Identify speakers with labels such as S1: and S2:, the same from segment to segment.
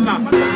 S1: macha allah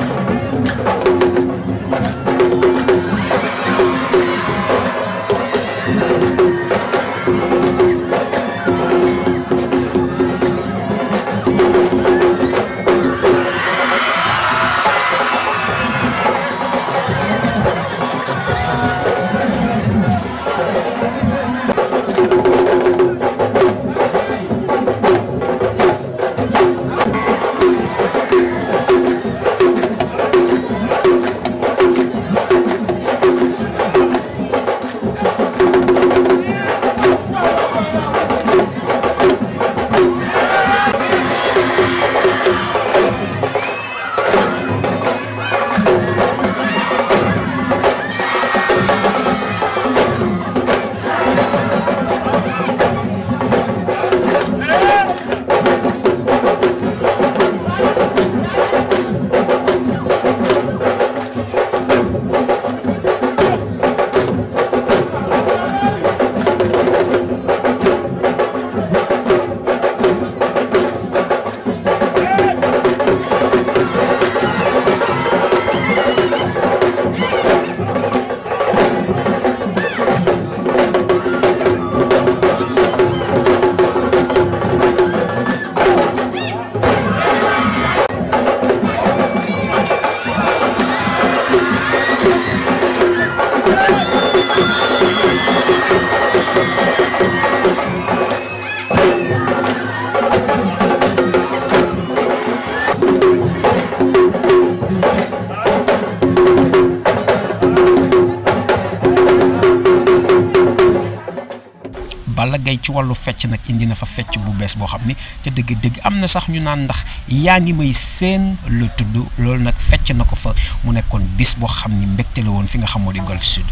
S1: Balla Gaye ci wàllu fecc nag indi na fa fecc bu bees boo xam ni ca dëgg-dëgg am na sax ñu naan ndax yaa ngi may séen la tudd loolu nag fecc na ko fa mu nekkoon bis boo xam ni mbégte la woon fi nga xamoo moo di Golf Sud.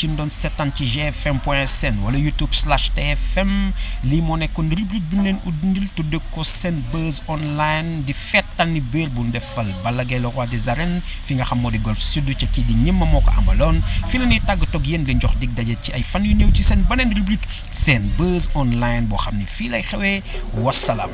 S1: ci ñu doon seetaan ci gfm point sn wala youtube slash tfm lii moo nekkoon rubrique bi ñu leen uddindil tudde ko seen buzz online di fettal ni béer bu ñu defal Balla Gaye le roi des arènes fi nga xam moo di golf sud ca kii di ñëmma moo ko amaloon fi la ñuy tàggatoo ak yéen leen jox dig daje ci ay fan yu néew ci seen beneen rubrique seen buzz online boo xam ne fii lay xewee wasalaam